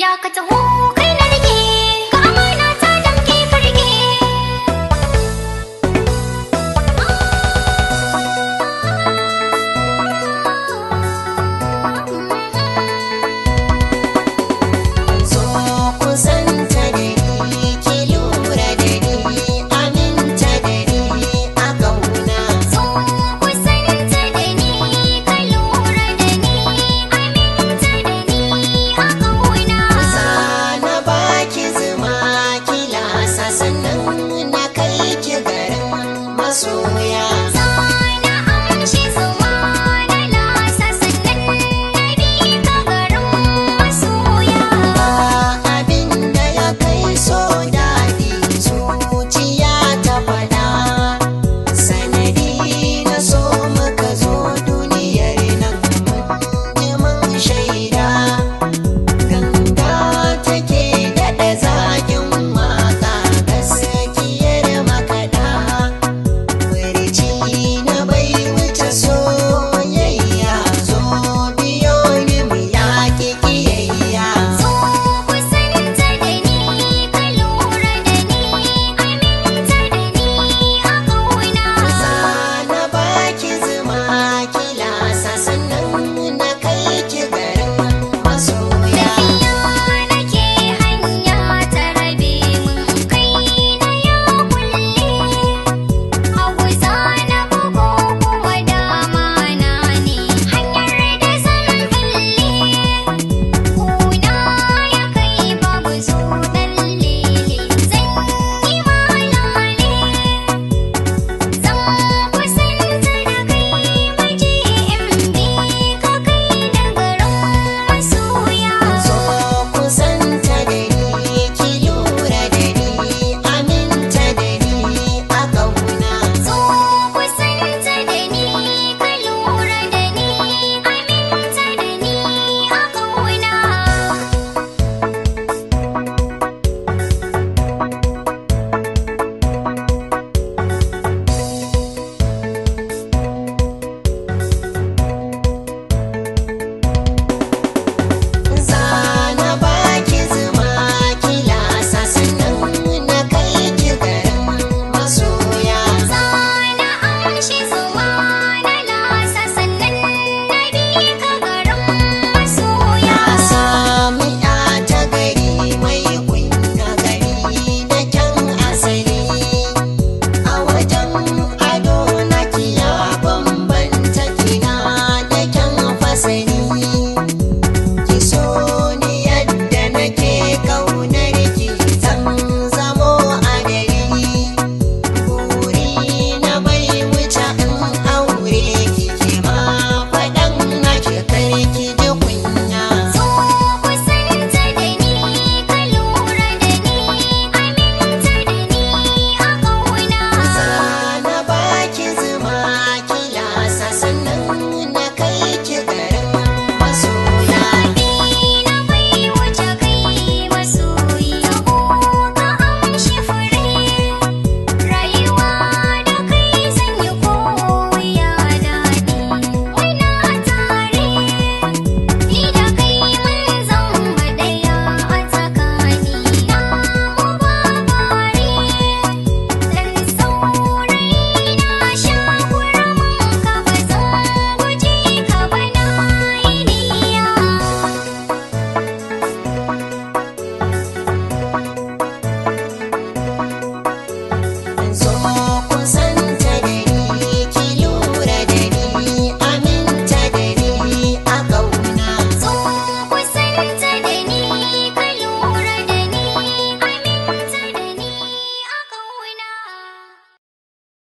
やかちゃほーか